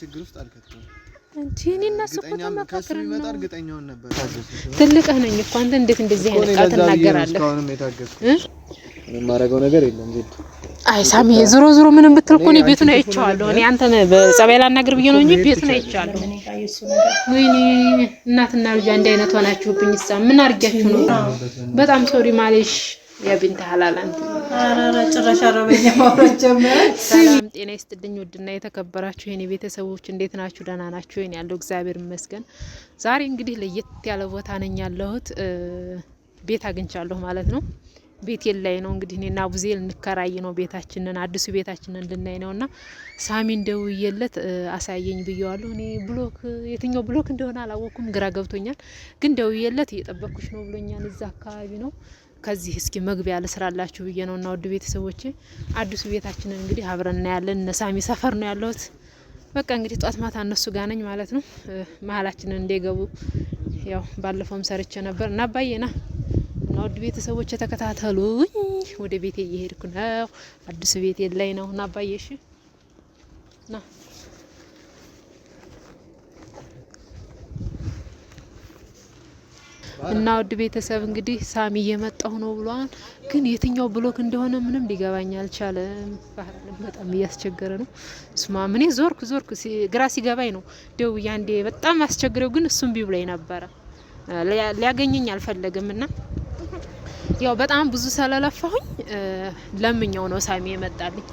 ችግር ውስጥ አልከተም እንጂ እኔ እና እሱ እኮ ተመካክረን ነው። ነበር። ትልቅ ነኝ እኮ አንተ እንዴት እንደዚህ አይነት ቃል ትናገራለህ? የማደርገው ነገር የለም። አይ ሳሚ፣ ዞሮ ዞሮ ምንም ብትል እኮ እኔ ቤቱን አይቼዋለሁ። እኔ አንተን በጸባይ ላናግር ብዬ ነው እንጂ ቤቱን አይቼዋለሁ። ወይኔ እናትና ልጅ አንድ አይነት ሆናችሁብኝ። ሳ ምን አድርጊያችሁ ነው? በጣም ሶሪ ማለሽ ያ ቢንት ሀላል አንተ ጭራሽ አረበኛ ማውራት ሰላም ጤና ይስጥልኝ ውድና የተከበራችሁ የኔ ቤተሰቦች እንዴት ናችሁ? ደህና ናችሁ? ይን ያለው እግዚአብሔር ይመስገን። ዛሬ እንግዲህ ለየት ያለ ቦታ ነኝ ያለሁት ቤት አግኝቻለሁ ማለት ነው። ቤቴን ላይ ነው እንግዲህ እኔና ቡዜ ልንከራይ ነው ቤታችንን አዲሱ ቤታችንን ልናይ ነው እና ሳሚን ደውዬለት አሳየኝ ብየዋለሁ። እኔ ብሎክ የትኛው ብሎክ እንደሆነ አላወቅኩም፣ ግራ ገብቶኛል። ግን ደውዬለት እየጠበቅኩሽ ነው ብሎኛል። እዛ አካባቢ ነው ከዚህ እስኪ መግቢያ ልስራላችሁ ብዬ ነው እና ውድ ቤተሰቦቼ አዲሱ ቤታችንን እንግዲህ አብረን እናያለን። ነሳሚ ሰፈር ነው ያለሁት። በቃ እንግዲህ ጧት ማታ እነሱ ጋ ነኝ ማለት ነው። መሀላችንን እንደገቡ ያው ባለፈውም ሰርቼ ነበር እና ባየና እና ውድ ቤተሰቦች ተከታተሉኝ። ወደ ቤቴ እየሄድኩ ነው። አዲሱ ቤቴ ላይ ነው እና ባየሽ ና እና ውድ ቤተሰብ እንግዲህ ሳሚ እየመጣሁ ነው ብሏል። ግን የትኛው ብሎክ እንደሆነ ምንም ሊገባኝ አልቻለም። ባህራንም በጣም እያስቸገረ ነው። እሱማ እኔ ዞርክ ዞርኩ ግራ ሲገባኝ ነው ደው አንዴ በጣም አስቸግረው፣ ግን እሱም ቢ ብላይ ነበረ ሊያገኘኝ አልፈለግም እና ያው በጣም ብዙ ስለለፋሁኝ ለምኛው ነው ሳሚ የመጣልኝ።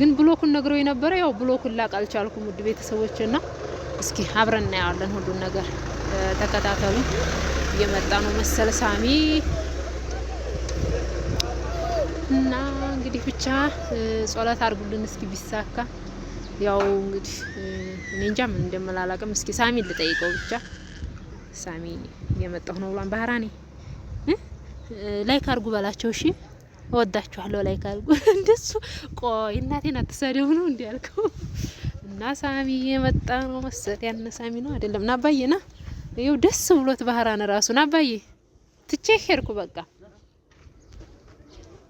ግን ብሎኩን ነግረው የነበረ ያው ብሎኩን ላቅ አልቻልኩም። ውድ ና እስኪ አብረን እናየዋለን ሁሉን ነገር ተከታተሉ። እየመጣ ነው መሰል ሳሚ እና እንግዲህ ብቻ ጸሎት አድርጉልን እስኪ ቢሳካ። ያው እንግዲህ እኔ እንጃ ምን እንደምላላቅም። እስኪ ሳሚ ልጠይቀው ብቻ። ሳሚ እየመጣሁ ነው ብሏን ባህራኔ ላይክ አድርጉ በላቸው። እሺ እወዳችኋለሁ። ላይክ አድርጉ። እንደሱ ቆይ እናቴን አትሰደው ነው እንዲያልከው። እና ሳሚ የመጣ ነው መሰል። ያነ ሳሚ ነው አይደለም ና አባዬ ና ይኸው ደስ ብሎት ባህራን ራሱን አባዬ ትቼ ሄድኩ። በቃ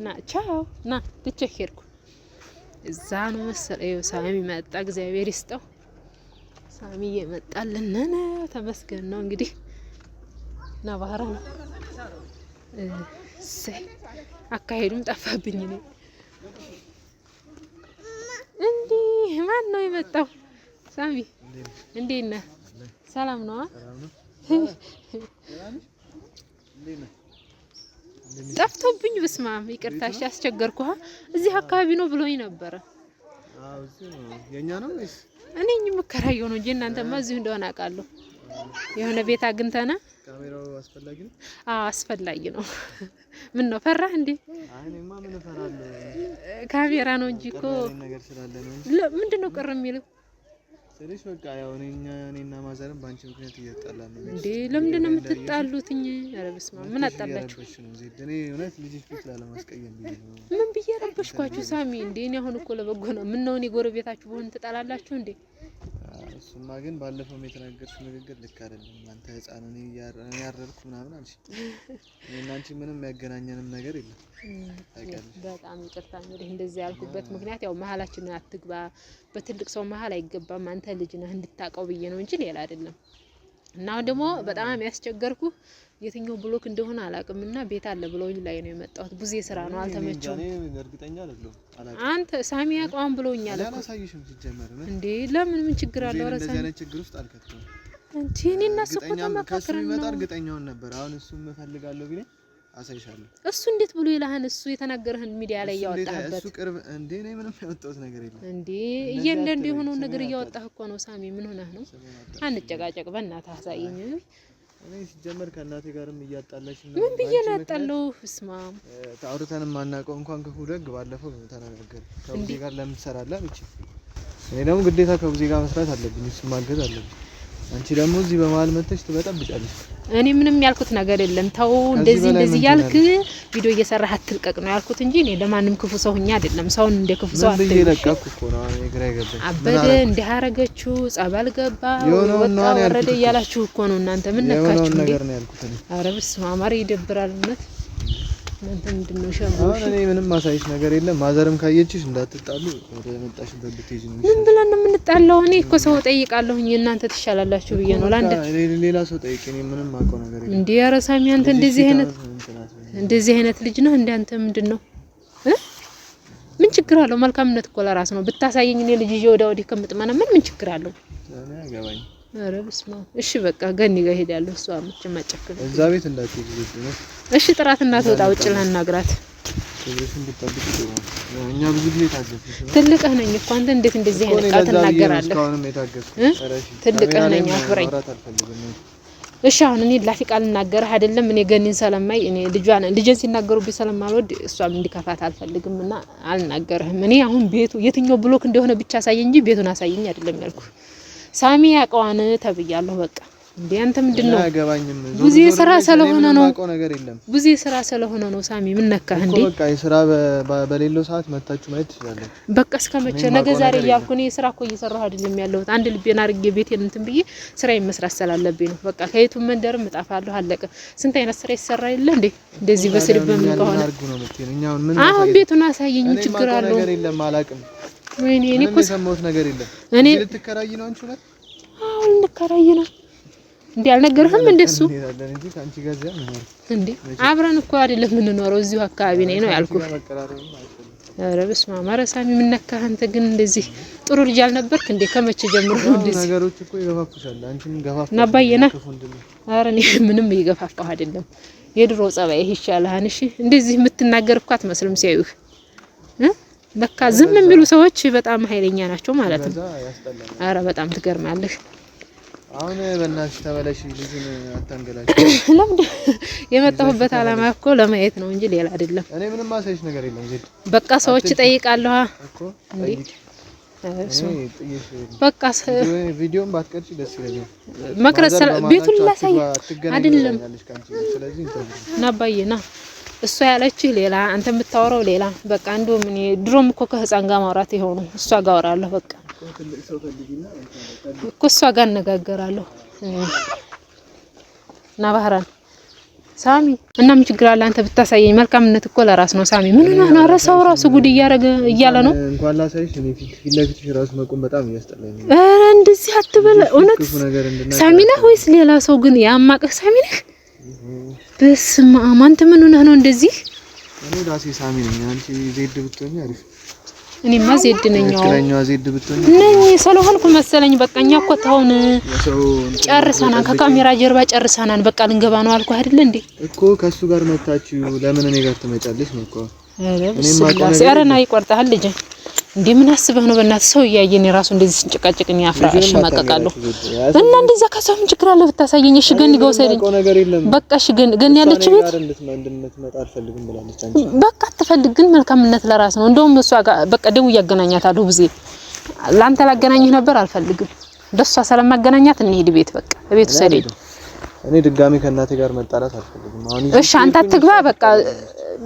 ና ቻው ና ትቼ ሄድኩ። እዛ ነው መሰለ ይኸው ሳሚ መጣ። እግዚአብሔር ይስጠው። ሳሚ እየመጣልን ነው። ተመስገን ነው እንግዲህ ና እና ባህራን አካሄዱም ጠፋብኝ ነው እንዲህ ማን ነው የመጣው? ሳሚ እንዴት ነህ? ሰላም ነው። ጠፍቶብኝ ብስማ ይቅርታ፣ እሺ አስቸገርኩ። እዚህ አካባቢ ነው ብሎኝ ነበረ። አዎ እዚህ ነው፣ የኛ ነው ወይስ እኔ የምከራየው ነው እንጂ እናንተማ እዚሁ እንደሆነ አውቃለሁ። የሆነ ቤት አግኝተና ካሜራው አስፈላጊ ነው። አዎ አስፈላጊ ነው። ምን ነው ፈራህ እንዴ? ካሜራ ነው እንጂ እኮ ምንድን ነው ቅር የሚለው? ስልሽ በቃ ያው እኔኛ እኔና ማዘርም በአንቺ ምክንያት እየጣላን ነው እንዴ? ለምንድን ነው የምትጣሉት? እኛ ኧረ በስመ አብ ምን አጣላችሁ? እኔ እውነት ልጅሽ ፊት ላለማስቀየም ብዬ ነው። ምን ብዬ ረበሽኳችሁ? ሳሚ እንዴ እኔ አሁን እኮ ለበጎ ነው። ምን ነው እኔ ጎረቤታችሁ በሆን ትጣላላችሁ እንዴ? እሱማ ግን ባለፈውም የተናገርሽው ንግግር ልክ አይደለም። አንተ ህፃን እኔ ያረርኩ ምናምን አልሽ። እኔና አንቺ ምንም ያገናኘንም ነገር የለም። በጣም ይቅርታ እንግዲህ እንደዚህ ያልኩበት ምክንያት ያው መሀላችንን አትግባ፣ በትልቅ ሰው መሀል አይገባም። አንተ ልጅ ነህ እንድታውቀው ብዬ ነው እንጂ ሌላ አይደለም። እና ደግሞ በጣም ያስቸገርኩ የትኛው ብሎክ እንደሆነ አላውቅም እና ቤት አለ ብለውኝ ላይ ነው የመጣሁት። ብዙ ስራ ነው አልተመቸውም። አንተ ሳሚ አቋም ብለውኛል እንዴ! ለምን ምን ችግር አለው? ኧረ እሱ እርግጠኛውን ነበር። አሁን እሱ እፈልጋለሁ ቢለኝ አሳይሻለሁ። እሱ እንዴት ብሎ ይልህን? እሱ የተናገረህን ሚዲያ ላይ ያወጣህበት እሱ ቅርብ እንዴ ነው። ምንም ያወጣሁት ነገር የለም እንዴ። እያንዳንዱ የሆነውን ነገር እያወጣህ እኮ ነው። ሳሚ ምን ሆነህ ነው? አንጨቃጨቅ፣ በእናትህ አሳየኝ። እኔ ሲጀመር ከእናቴ ጋርም እያጣላሽ ነው። ምን ብዬ ነው ያጣለው? እስማ ታውርተን ማናውቀው እንኳን ክፉ ደግ ባለፈው ተናገር። ጋር እኔ ደግሞ ግዴታ ጋር መስራት አለብኝ፣ ማገዝ አለብኝ። አንቺ ደግሞ እዚህ በመሀል መተሽ ትበጠብጫለሽ። እኔ ምንም ያልኩት ነገር የለም። ተው እንደዚህ እንደዚህ ያልክ ቪዲዮ እየሰራህ አትልቀቅ ነው ያልኩት እንጂ እኔ ለማንም ክፉ ሰው ሁኛ አይደለም። ሰውን እንደ ክፉ ሰው አትልቀቅ። እየለቀኩ እኮ ነው። እኔ ግራ ይገባኝ። አበደ እንዲያረገችው ጸበል ገባ ወጣ ወረደ እያላችሁ እኮ ነው እናንተ። ምን ነካችሁ እንዴ? ኧረ በስመ አብ ይደብራል እውነት። እኔ ምንም ነገር የለም። ማዘርም ካየችሽ እንዳትጣሉ ወደ መጣሽበት ብትሄጂ ነው። ምን ብለን ነው የምንጣለው? እኔ እኮ ሰው ጠይቃለሁኝ እናንተ ትሻላላችሁ ብዬ ነው። ለአንድ ሌላ ሰው እኔ ምንም አውቀው ነገር የለም። እንዲህ ኧረ ሳሚ አንተ እንደዚህ አይነት እንደዚህ አይነት ልጅ ነህ። እንደ አንተ ምንድን ነው ምን ችግር አለው? መልካምነት እኮ ለራስ ነው። ብታሳየኝ እኔ ልጅ ይዤ ወዲያ ወዲህ ከምጥመና ምን ምን ችግር አለው? ኧረ በስመ አብ። እሺ በቃ ገኒ ጋር እሄዳለሁ። እሷ ምች እዛ ቤት ነው። እሺ ጥራት ውጭ ላናግራት። እኛ ብዙ ጊዜ ትልቅህ ነኝ እኮ አንተ እንዴት እንደዚህ አይነት ቃል ትናገራለህ? ትልቅህ ነኝ አክብረኝ። እሺ አሁን እኔ ላፊ ቃል እናገርህ አይደለም። እኔ ገኒን ሰለማይ እኔ ልጇን ልጄን ሲናገሩብኝ ስለማልወድ እሷም እንዲከፋት አልፈልግም እና አልናገርህም። እኔ አሁን ቤቱ የትኛው ብሎክ እንደሆነ ብቻ አሳየኝ እንጂ ቤቱን አሳየኝ አይደለም ሳሚ ያውቀዋን ተብያለሁ። በቃ እንዴ አንተ ምንድን ነው ብዙ የስራ ስለሆነ ነው ብዙ የስራ ስለሆነ ነው። ሳሚ ምን ነካህ እንዴ? በቃ የስራ በሌለው ሰዓት መታችሁ ማየት ትችላለህ። በቃ እስከ መቼ ነገ ዛሬ እያልኩ እኔ የስራ እኮ እየሰራሁ አይደለም ያለሁት። አንድ ልቤን አድርጌ ቤቴን እንትን ብዬ ስራ መስራት ስላለብኝ ነው። በቃ ከየቱም መንደርም እጠፋለሁ። አለቀ። ስንት አይነት ስራ ይሰራ የለ እንዴ? እንደዚህ በስድብ በምን ከሆነ አሁን ቤቱን አሳየኝ። ችግር አለው ነገር ወይኔ እኔ እኮ የሰማሁት ነገር የለም። እኔ ልትከራይ ነው አንቺ? ሁለት አዎ፣ ልንከራይ ነው። እንዴ አልነገርህም? እንደሱ እንዴ አብረን እኮ አይደለም የምንኖረው እዚሁ አካባቢ ነኝ ነው ያልኩህ። ኧረ በስመ አብ! ኧረ ሳሚ ምን አንተ? ግን እንደዚህ ጥሩ ልጅ አልነበርክ እንዴ? ከመቼ ጀምሮ ነው እንደዚህ ነገሮች? እኮ ይገፋፍሻል። አንቺም ገፋፋሽ እና አባዬና ኧረ እኔ ምንም እየገፋፋሁ አይደለም። የድሮ ጸባይህ ይሻልሃል። እሺ እንደዚህ የምትናገር እኮ አትመስልም ሲያዩህ በቃ ዝም የሚሉ ሰዎች በጣም ኃይለኛ ናቸው ማለት ነው። አረ በጣም ትገርማለሽ። አሁን በእናትሽ ተበለሽ፣ ልጅን አታንገላችሁ። ለምን የመጣሁበት አላማ እኮ ለማየት ነው እንጂ ሌላ አይደለም። እኔ ምንም ማሳይሽ ነገር የለም። ዜድ በቃ ሰዎች እጠይቃለሁ እኮ እንዴ በቃ ቪዲዮን ባትቀርጪ ደስ ይለኛል። መቅረጽ ቤቱን ላሳይ አይደለም። ስለዚህ ና አባዬ ና እሷ ያለችህ ሌላ፣ አንተ የምታወራው ሌላ። በቃ እንደውም ምን ድሮም እኮ ከህፃን ጋር ማውራት የሆኑ እሷ ጋር አወራለሁ። በቃ እኮ እሷ ጋር እነጋገራለሁ። እና ባህራን ሳሚ እና ምን ችግር አለ? አንተ ብታሳየኝ። መልካምነት እኮ ለራስ ነው። ሳሚ ምን ነው ነው ራስ ራሱ ጉድ እያረገ እያለ ነው። እንኳን ላሳይሽ እኔ ፊት ለፊትሽ ራሱ መቆም በጣም ያስጠላኝ። ኧረ እንደዚህ አትበለ። እውነት ሳሚ ነህ ወይስ ሌላ ሰው ግን ያማቀህ ሳሚ ነህ? በስመ አብ አንተ ምን ሆነህ ነው እንደዚህ? እኔ ራሴ ሳሚ ነኝ። አንቺ ዜድ ብትሆኚ አሪፍ። እኔማ ዜድ ነኝ። አዎ ዜድ ብትሆኚ ነኝ ስለሆንኩ መሰለኝ። በቃ እኛ እኮ ተውን ጨርሰናል። ከካሜራ ጀርባ ጨርሰናል። በቃ ልንገባ ነው አልኩ አይደል እንዴ? እኮ ከሱ ጋር መታችሁ ለምን እኔ ጋር ትመጫለሽ ነው እኮ። እኔማ ቆርጣ ኧረ ና ይቆርጣሃል ልጄ እንደምን አስበህ ነው? በእናት ሰው እያየን የራሱ እንደዚህ ስንጨቃጨቅ እኔ አፍራ እሸማቀቃለሁ። እና እንደዛ ከሰው ምን ችግር አለ ብታሳየኝ? እሺ ገኒ ጋር ወሰደኝ። በቃ እሺ ገኒ ገኒ ያለች ቤት በቃ አትፈልግ። ግን መልካምነት ለራስ ነው። እንደውም እሷ ጋር በቃ ደውዬ አገናኛታለሁ። ብዜ ላንተ ላገናኝህ ነበር አልፈልግም። ደሷ ስለማገናኛት እንሂድ ቤት በቃ ቤት ወሰደኝ። እኔ ድጋሚ ከእናቴ ጋር መጣላት አልፈልግም። አሁን እሺ፣ አንተ አትግባ። በቃ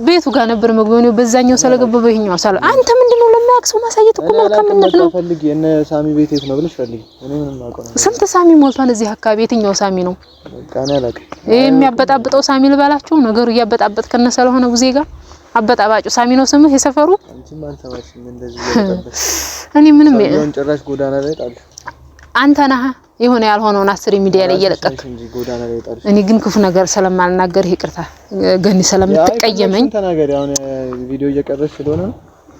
ቤቱ ጋር ነበር መግቢያው ነው። በዛኛው ስለገባ በይኛው ሳለ አንተ ምንድነው ለማያውቅ ሰው ማሳየት እኮ መልካምነት ነው። ፈልግ የነ ሳሚ ቤት የት ነው ብለሽ ፈልግ። እኔ ምንም አውቀው ስንት ሳሚ ሞልቷን እዚህ አካባቢ። የትኛው ሳሚ ነው? በቃ እኔ አላውቅም። ይሄ የሚያበጣብጠው ሳሚ ልበላችሁ። ነገሩ እያበጣበጥ ከነ ስለሆነ ብዙ ጋር አበጣባጩ ሳሚ ነው ስምህ የሰፈሩ። እኔ ምንም ጭራሽ ጎዳና ላይ ጣል አንተ ነህ የሆነ ያልሆነውን አስር ሚዲያ ላይ እየለቀቅ እኔ ግን ክፉ ነገር ስለማልናገር ይቅርታ ገኒ ስለምትቀየመኝ ተናገሪ። አሁን ቪዲዮ እየቀረሽ ስለሆነ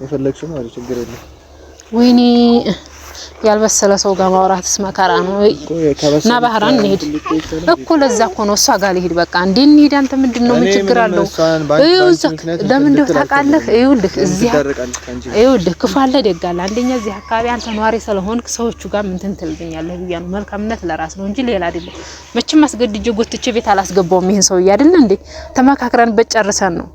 የፈለግሽው ማለት ችግር የለም። ወይኔ ያልበሰለ ሰው ጋር ማውራትስ መከራ ነው። እና ባህራን እንሂድ እኮ ለዛ እኮ ነው እሷ ጋር ልሂድ። በቃ እንዴ እንሂድ። አንተ ምንድን ነው ምን ችግር አለው? ለምን እንደው ታውቃለህ? ይኸውልህ እዚህ ይኸውልህ ክፉ አለ ደግ አለ። አንደኛ እዚህ አካባቢ አንተ ነዋሪ ስለሆንክ ሰዎቹ ጋር ምን እንትን ትልብኛለህ ነው። መልካምነት ለራስ ነው እንጂ ሌላ አይደለም። መቼም አስገድጄ ጎትቼ ቤት አላስገባውም። ይሄን ሰውዬ አይደል እንዴ ተመካክረን በጨርሰን ነው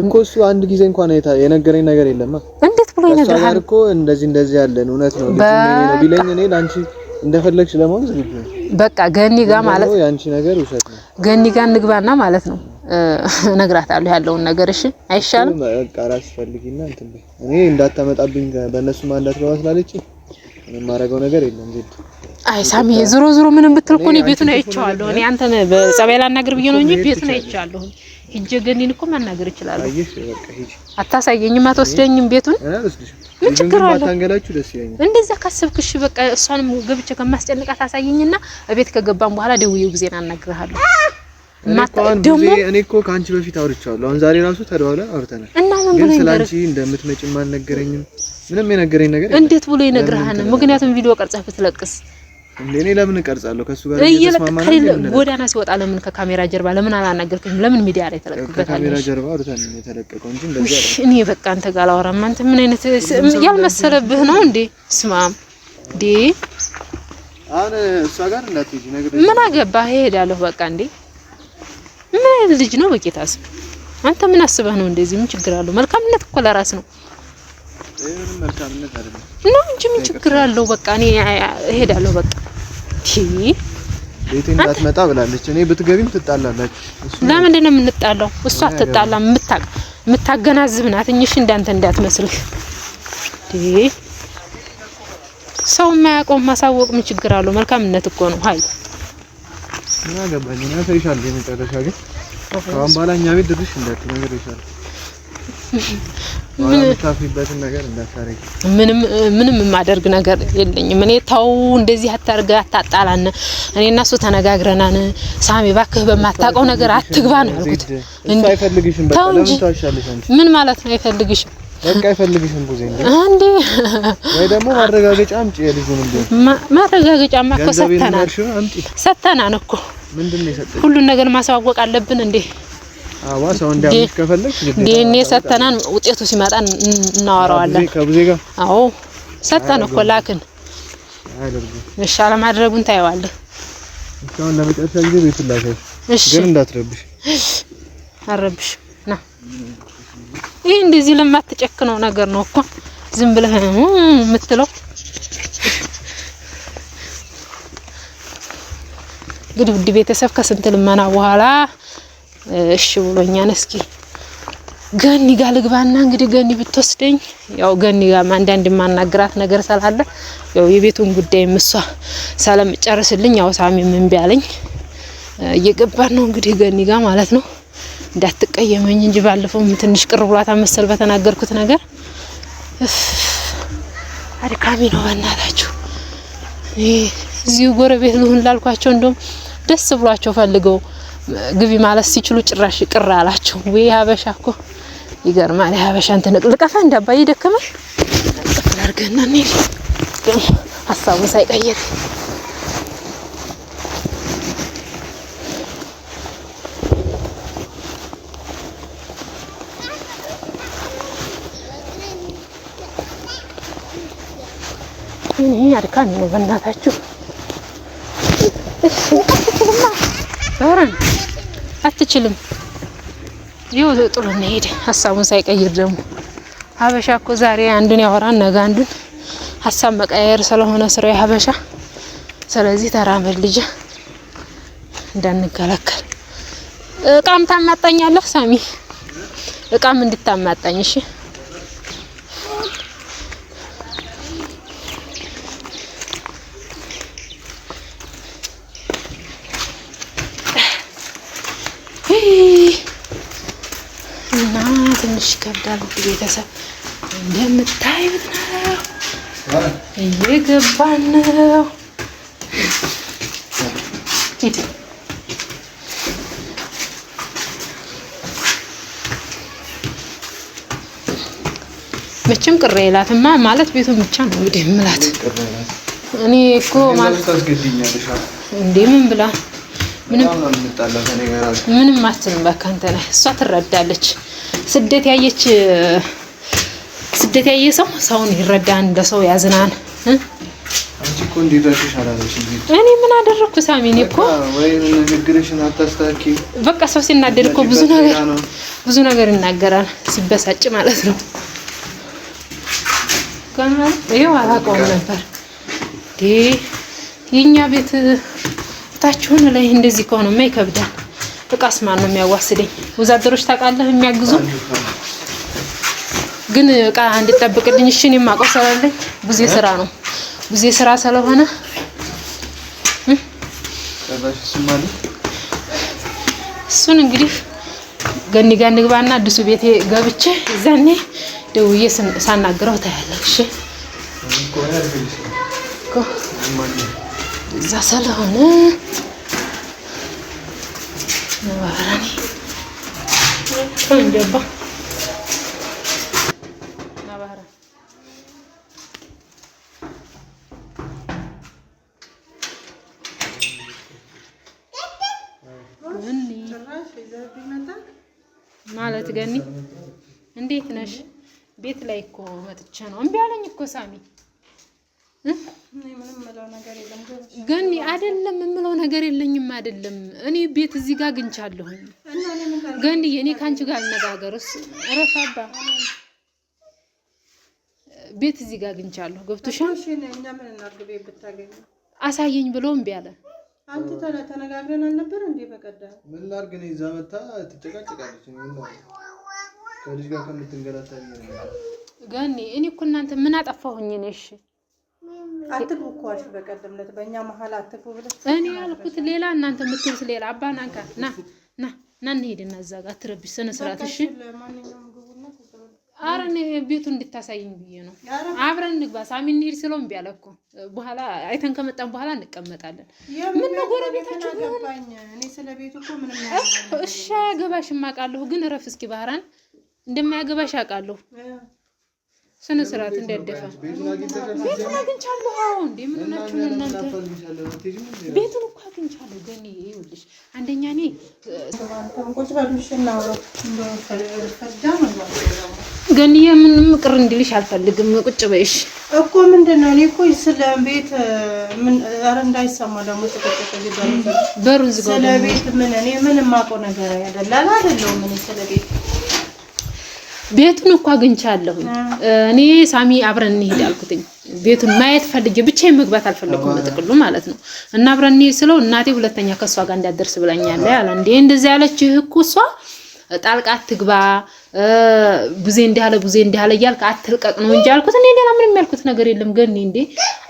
እኮ እሱ አንድ ጊዜ እንኳን አይታ የነገረኝ ነገር የለም። እንዴት ብሎ ይነግርሃል እኮ እንደዚህ እንደዚህ ያለን እውነት ነው ነው ቢለኝ እኔ ላንቺ እንደፈለግሽ ለመሆን ዝግጁ ነኝ። በቃ ገኒ ጋ ማለት ነው ያንቺ ነገር ውሸት ነው። ገኒ ጋ እንግባና ማለት ነው እነግራታለሁ ያለውን ነገር። እሺ አይሻልም? በቃ ራስሽ ፈልጊና እንትን እኔ እንዳታመጣብኝ በእነሱ ማንዳት ገባ ስላለች ምንም ማረገው ነገር የለም ዝግጁ አይ ሳሚ ዞሮ ዞሮ ምንም ብትል እኮ እኔ ቤቱን አይቼዋለሁ። እኔ አንተን በጸባይ ላናግር ብዬ ነው እንጂ ቤቱን አይቼዋለሁ። ሂጄ ገኒን እኮ ማናገር እችላለሁ። አታሳየኝም፣ አትወስደኝም ቤቱን ምን ችግር አለ? ታንገላችሁ ደስ ይለኛል። እንደዛ ካሰብክሽ በቃ እሷንም ገብቼ ከማስጨንቃት አሳየኝና እቤት ከገባን በኋላ ደውዬው ጊዜ እናናግርሃለሁ። እኔ እኮ ከአንቺ በፊት አውርቻለሁ። አሁን ዛሬ ራሱ ተደዋውለን አውርተናል። እና ምን ብሎ ስለአንቺ እንደምትመጪም አልነገረኝም። ምንም የነገረኝ ነገር እንዴት ብሎ ይነግርሃል? ምክንያቱም ቪዲዮ ቀርጸህ ብትለቅስ እኔ ለምን እቀርጻለሁ? ከሱ ጋር ነው። ጎዳና ሲወጣ ለምን ከካሜራ ጀርባ ለምን አላናገርከኝም? ለምን ሚዲያ ላይ ተለቀቀበታል? ከካሜራ ጀርባ አውርተን ነው የተለቀቀው እንጂ እንደዚህ እንደዛ እኔ በቃ አንተ ጋር አላወራም። አንተ ምን አይነት ያልመሰለብህ ነው እንዴ? ስማም ዲ አነ እሷ ጋር እንዳትሄጂ ነገር ምን አገባህ? እሄዳለሁ በቃ እንዴ። ምን ልጅ ነው በቂታስ አንተ ምን አስበህ ነው እንደዚህ? ምን ችግር አለው? መልካምነት እኮ ለራስ ነው። ነው እንጂ ምን ችግር አለው? በቃ እኔ እሄዳለሁ። በቃ ቤቴ እንዳትመጣ ብላለች። እኔ ብትገቢም ትጣላላችሁ። ለምንድን ነው የምንጣላው? እሷ አትጣላም። የምታቅ የምታገናዝብ ናት። እሺ እንዳንተ እንዳትመስልህ። ሰው የማያውቀውን ማሳወቅ ምን ችግር አለው? መልካምነት እኮ ነው። ሀይ ምን አገባኝ? እኔ አሳይሻለሁ። የመጨረሻ ግን ከአሁን በኋላ እኛ ቤት ድርሽ እንዳትል ነገር ይሻላል ምንም የማደርግ ነገር የለኝም። እኔ ተው እንደዚህ አታርገ አታጣላን። እኔ እና እሱ ተነጋግረናን፣ ሳሚ ባክህ በማታውቀው ነገር አትግባ ነው ያልኩት። ተው እንጂ ምን ማለት ነው አይፈልግሽም? በቃ አይፈልግሽም። ጉዜ እንዴ አንዴ ወይ ደግሞ ማረጋገጫ አምጪ። የልጁን እንዴ ማረጋገጫማ እኮ ሰተናል ሰተናን እኮ ሁሉን ነገር ማሳወቅ አለብን እንዴ ዲኤንኤ ሰተናን ውጤቱ ሲመጣ እናወራዋለን። አዎ ሰተን እኮ ላክን። እሺ አለማድረጉን ታየዋለህ። አረብሽ ና ይህ እንደዚህ ለማትጨክነው ነገር ነው እኮ ዝም ብለህ የምትለው እንግዲህ ውድ ቤተሰብ ከስንት ልመና በኋላ እሺ ብሎኛል። እስኪ ገኒ ጋ ልግባና እንግዲህ ገኒ ብትወስደኝ ያው ገኒ ጋ አንዳንድ የማናግራት ነገር ስላለ ያው የቤቱን ጉዳይ ምሷ ሳለምጨርስልኝ ያው ሳሚ ምን ቢያለኝ እየገባን ነው እንግዲህ ገኒ ጋ ማለት ነው። እንዳትቀየመኝ እንጂ ባለፈው ትንሽ ቅር ብሏታ መሰል በተናገርኩት ነገር አድካሚ ነው። በእናታችሁ እዚሁ ጎረቤት ልሁን ላልኳቸው እንደውም ደስ ብሏቸው ፈልገው ግቢ ማለት ሲችሉ ጭራሽ ቅር አላቸው። ወይ ሀበሻ እኮ ይገርማል። የሀበሻ እንትን ልቀፋ እንዳባዬ ደከመ አድርገና ሀሳቡን ሳይቀየር እኔ አድካሚ ነው። በእናታችሁ አይችልም። ይኸው ጥሎ ሄደ፣ ሀሳቡን ሳይቀይር ደግሞ ሀበሻ እኮ ዛሬ አንዱን ያወራን ነገ አንዱን ሀሳብ መቀያየር ስለሆነ ስራው ሀበሻ። ስለዚህ ተራመድ ልጅ እንዳንከላከል። እቃም ታማጣኛለህ ሳሚ፣ እቃም እንድታማጣኝ እሺ። ይከብዳል። ቤተሰብ እንደምታዩት ነው፣ እየገባ ነው። መቼም ቅሬ የላትማ ማለት ቤቱን ብቻ ነው እንግዲህ የምላት እኔ እኮ ማለት እንዴ ምን ብላ ምንም ምንም አትልም። በቃ አንተ ነህ እሷ ትረዳለች። ስደት ያየች ስደት ያየ ሰው ሰውን ይረዳን፣ ለሰው ያዝናን። እኔ ምን አደረግኩ ሳሚ? እኮ በቃ ሰው ሲናደድ እኮ ብዙ ነገር ብዙ ነገር ይናገራል፣ ሲበሳጭ ማለት ነው። ይኸው አላውቀውም ነበር የእኛ ቤት ታችሁን ላይ እንደዚህ ማ ይከብዳል። ጥቃስ ማን ነው የሚያዋስደኝ? ወዛደሮች ታውቃለህ የሚያግዙ ግን እቃ እንድጠብቅልኝ። እሺ እኔም አውቀው ስላለኝ ጊዜ ስራ ነው ብዙ ስራ ስለሆነ እሱን እንግዲህ ገኒ ጋር እንግባና አዲሱ ቤቴ ገብቼ እዛኔ ደውዬ ሳናግረው ታያለህ። እሺ እዛ ስለሆነ ማለት ገኒ እንዴት ነሽ? ቤት ላይ እኮ መጥቼ ነው። እምቢ አለኝ እኮ ሳሚ ግን አይደለም የምለው ነገር የለኝም። አይደለም እኔ ቤት እዚህ ጋር አግኝቻለሁኝ። ግን እኔ ከአንቺ ጋር አልነጋገር ረፋባ ቤት እዚህ ጋር አግኝቻለሁ። ገብቶሻል? አሳየኝ ብሎ እምቢ አለ። አንተ ተነጋግረን አልነበር እንዴ? በቀደም ምን ላድርግ ነው? ይዛ መታ ትጨቃጨቃለች። ከልጅ ጋር ከምትንገላታ ገኒ፣ እኔ እኮ እናንተ ምን አጠፋሁኝ? እኔ እሺ አትግቡ እኮ አልሽ በቀደም ዕለት በእኛ መሀል አትግቡ ብለሽ እኔ ያልኩት ሌላ እናንተ የምትሉት ሌላ። አባ ና ና ና ና እንሄድና እዛ ጋር አትረብሽ፣ ስነ ስርዓት እሺ። ኧረ እኔ ቤቱ እንድታሳይኝ ብዬ ነው። አብረን እንግባ ሳሚ እንሂድ ስለው እምቢ አለ እኮ። በኋላ አይተን ከመጣን በኋላ እንቀመጣለን። ምን ነው ጎረቤታችሁ ሆነ። እሺ አያገባሽም አውቃለሁ፣ ግን እረፍ እስኪ ባህራን እንደማያገባሽ አውቃለሁ ስነ ስርዓት እንዳይደፋ ቤቱን አግኝቻለሁ። አሁን እንዴ ምን ሆናችሁ እናንተ? ቤቱን እኮ አግኝቻለሁ። ገኒ ይኸውልሽ፣ አንደኛ እኔ ገኒ የምንም ቅር እንዲልሽ አልፈልግም። ቁጭ በይሽ እኮ ምንድን ነው? እኔ እኮ ስለ ቤት ምን ኧረ እንዳይሰማ ደግሞ ተከተከ በሩን ዝጋ። ስለ ቤት ምን እኔ ምንም አውቀው ነገር አይደለም አይደለም ምን ስለ ቤት ቤቱን እኮ አግኝቻለሁ። እኔ ሳሚ አብረን እንሂድ አልኩትኝ። ቤቱን ማየት ፈልጌ ብቻዬን መግባት አልፈለኩም፣ በጥቅሉ ማለት ነው። እና አብረን እንሂድ ስለው እናቴ ሁለተኛ ከእሷ ጋር እንዳደርስ ብላኛለች አለ። እንዴ እንደዚህ ያለችህ እኮ እሷ ጣልቃ አትግባ ቡዜ እንዲህ አለ ቡዜ እንዲህ አለ እያልክ አትልቀቅ ነው እንጂ አልኩት። እኔ ሌላ ምንም ያልኩት ነገር የለም። ገኒ እንዴ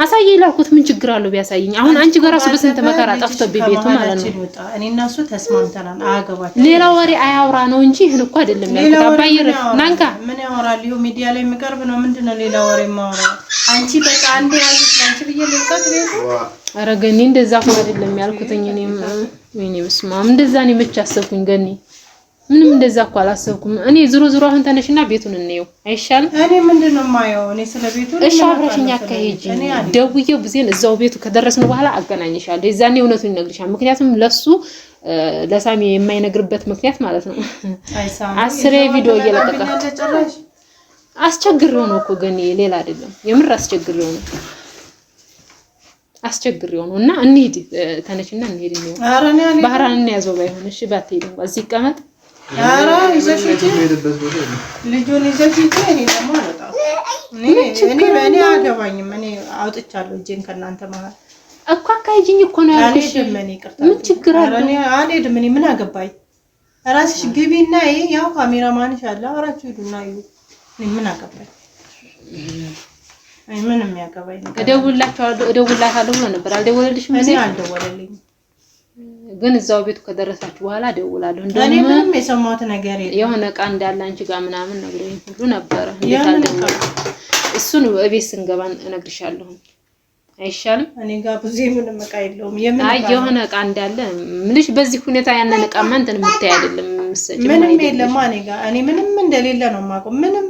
አሳየኝ ላልኩት ምን ችግር አለው ቢያሳየኝ? አሁን አንቺ ጋር እራሱ በስንት መከራ ጠፍቶብኝ ቤቱ ማለት ነው። እኔና እሱ ተስማምተናል። አገባችሁ ሌላ ወሬ አያውራ ነው እንጂ ይህን እኮ አይደለም ያልኩት። አባይር ናንካ ምን ያወራል? ይኸው ሚዲያ ላይ የሚቀርብ ነው። ምንድን ነው ሌላ ወሬ ማውራ? አንቺ በቃ አንዴ ያዙት አንቺ ብዬ ልልቀቅ ቤቱ። ኧረ ገኒ እንደዛ እኮ አይደለም ያልኩት። እኔም እኔ በስመ አብ እንደዛ እኔ መች አሰብኩኝ ገኒ ምንም እንደዛ እኮ አላሰብኩም። እኔ ዞሮ ዞሮ አሁን ተነሽና ቤቱን እንየው አይሻልም? እኔ ምንድን ነው የማየው? እኔ ስለ ቤቱ እሺ፣ አብረሽኝ አካሄጂ። ደውዬው ብዜን እዛው ቤቱ ከደረስን በኋላ አገናኝሻለሁ። የዛኔ እውነቱን ይነግርሻል። ምክንያቱም ለሱ ለሳሚ የማይነግርበት ምክንያት ማለት ነው አስሬ ቪዲዮ እየለቀቀ አስቸግሬው ነው እኮ ግን ሌላ አይደለም። የምር አስቸግሬው ነው አስቸግር ነው እና እንሂድ፣ ተነሽና እንሂድ ነው ባህራን እና ያዘው ባይሆን እሺ፣ ባትሄድ እዚህ ይቀመጥ ልጁን ይዘሽ እኔ ደግሞ አልወጣም። እኔ አገባኝም። እኔ አውጥቻለሁ እጄን ከእናንተ መሀል እኮ አካሄጂኝ እኮ ነው ያልኩሽ። ምን ችግር አለ? አልሄድም። እኔ ምን አገባኝ? እራስሽ ግቢና ያው ካሜራ ማንሽ አለ አብራችሁ ሂዱና እዩ። እኔ ምን አገባኝ? ምንም ያገባኝ እደውልላታለሁ ብሎ ነበር። አልደወለልሽም? እኔ አልደወለልኝም ግን እዛው ቤቱ ከደረሳችሁ በኋላ ደውላለሁ። እንደኔ ምንም የሰማሁት ነገር የለም። የሆነ እቃ እንዳለ አንቺ ጋር ምናምን ነግረኝ ሁሉ ነበረ። እሱን እቤት ስንገባ እነግርሻለሁ። አይሻልም? እኔ ጋር ብዙ ምንም እቃ የለውም። አይ የሆነ እቃ እንዳለ ምልሽ። በዚህ ሁኔታ ያንን እቃማ እንትን የምታይ አይደለም። ምንም የለማ እኔ ጋር። እኔ ምንም እንደሌለ ነው የማውቀው ምንም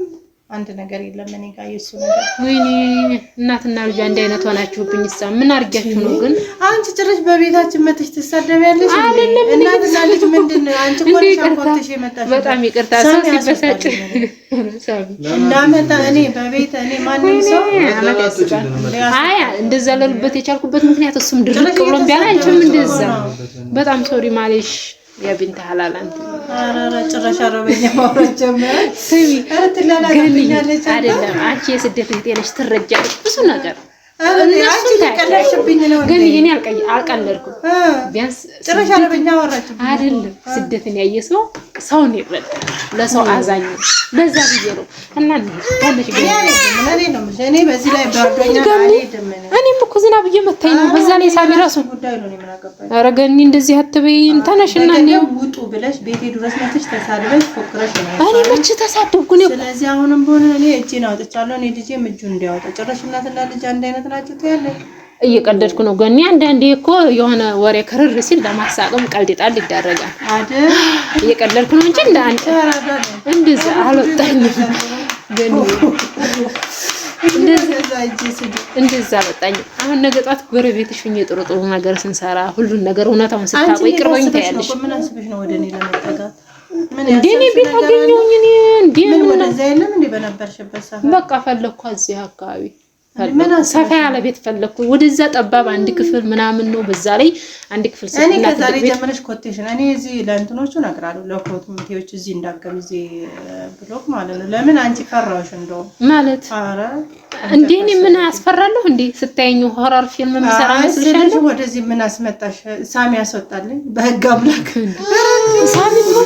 አንድ ነገር የለም እኔ ጋር የሱ ነገር። ወይኔ እናትና ልጅ አንድ አይነት ሆናችሁብኝ። እሷ ምን አድርጊያችሁ ነው ግን? አንቺ ጭራሽ በቤታችን መተሽ ትሳደቢያለሽ። እናትና ልጅ ምንድን ነው? አንቺ እኮ ነሽ አንቆርተሽ የመጣሽ። በጣም ይቅርታ ሰው ሲበሳጭ እናመጣ እኔ በቤት እኔ ማንም ሰው አያ እንደዛ ለሉበት የቻልኩበት ምክንያት እሱም ድርቅ ብሎ ቢያል አንቺም እንደዛ በጣም ሶሪ ማለሽ የቢንት ሀላል ጭራሽ አረበኛ ማውራት ጀመረች። ስሚ ግን አይደለም አንቺ የስደት ጤነች ትረጃለች ብዙ ነገር ግን እኔ አልቀለድኩም። ቢያንስ ጭራሽ አረበኛ አወራች አይደለም። ስደትን ያየ ሰው ሰውን ይረዳል፣ ለሰው አዛኝ ነው። ብዬ ነው እና እኔም እኮ ዝናብ እየመታኝ ነው። በዛ ላይ ሳሚ ራሱ ኧረ ገኒ እንደዚህ አትበይ ተነሽ እና እኔ መቼ ተሳደብኩ? ስለዚህ አሁንም በሆነ እኔ እጄን አውጥቻለሁ። እኔ ልጄም እጁን እንዲያወጣ ጭራሽ እናትና ልጅ አንድ አይነት እየቀደድኩ ነው ገኒ። አንዳንዴ እኮ የሆነ ወሬ ክርር ሲል ለማሳቅም ቀልድ ጣል ይደረጋል እየቀደድኩ ነው እንጂ እንዳንተ እንደዛ አልወጣኝም ገኒ፣ እንደዛ አልወጣኝም። አሁን ነገ ጧት ጎረቤትሽ ሁኜ ጥሩ ጥሩ ነገር ስንሰራ ሁሉን ነገር እውነታውን ስታቆይ ይቅርበኝ ታያለሽ። ምን ነው ቤት አገኘሁኝ እኔ እንዴ ምን በቃ ፈለግኳ እዚህ አካባቢ ሰፋ ያለ ቤት ፈለግኩ። ወደዛ ጠባብ አንድ ክፍል ምናምን ነው። በዛ ላይ አንድ ክፍል ሰፋ እኔ ከዛሬ ጀምረሽ ኮቴሽን እኔ እዚህ ለእንትኖቹ እነግራለሁ፣ ለኮሚቴዎች እዚህ እንዳገም እዚህ ብሎክ ማለት ነው። ለምን አንቺ ፈራሽ? እንደው ማለት አረ እንዴ እኔ ምን አስፈራለሁ እንዴ? ስታየኝ ሆረር ፊልም ምሰራ መስልሻለሁ። ወደዚህ ምን አስመጣሽ? ሳሚ ያስወጣልኝ በህግ አምላክ ሳሚ ነው።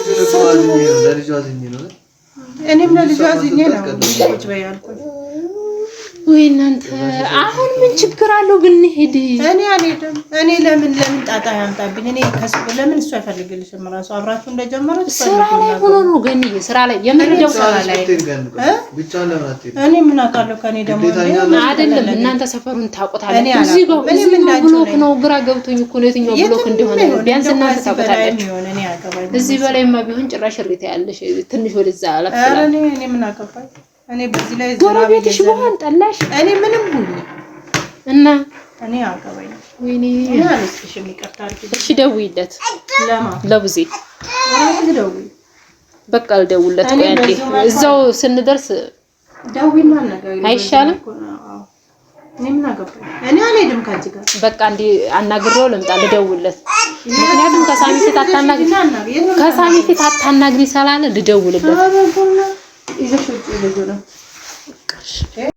እኔም ለልጇ ዝኜ ነው ቁጭ በይ አልኩኝ ወይ እናንተ አሁን ምን ችግር አለው ግን ብንሄድ? እኔ አልሄድም። እኔ ለምን ለምን ጣጣ ያምጣብኝ? እኔ ከስብ ለምን እሱ አይፈልግልሽም? ራሱ አብራችሁ እንደጀመረ ስራ ላይ ሆኖ ነው። ግን ስራ ላይ የምንደው ስራ ላይ እኔ ምን አውቃለሁ? ከኔ ደግሞ አይደለም እናንተ ሰፈሩን ታውቁታለህ። እዚህ ጋር እዚህ ነው ብሎክ ነው። ግራ ገብቶኝ እኮ ነው የትኛው ብሎክ እንደሆነ። ቢያንስ እናንተ ታውቁታላችሁ። እዚህ በላይማ ቢሆን ጭራሽ ሪታ ያለሽ ትንሽ ወደዛ አላፈራ። እኔ ምን አገባኝ እኔ በዚህ ላይ ጎረቤትሽ በኋላ ጠላሽ። እኔ ምንም ሁሉ እና እኔ አገባኝ። ወይኔ የሚቀርታል። እሺ፣ ደውይለት ለቡዜ በቃ ልደውልለት። ቆይ አንዴ እዛው ስንደርስ ደውይና አናግረኝ አይሻልም? እኔ እኔ አልሄድም ከዚህ ጋር በቃ እንዲ አናግሬው ልምጣ፣ ልደውልለት። ምክንያቱም ከሳሚ ፊት አታናግሪ፣ ከሳሚ ፊት አታናግሪ ስላለ ልደውልለት e deixa eu ele agora.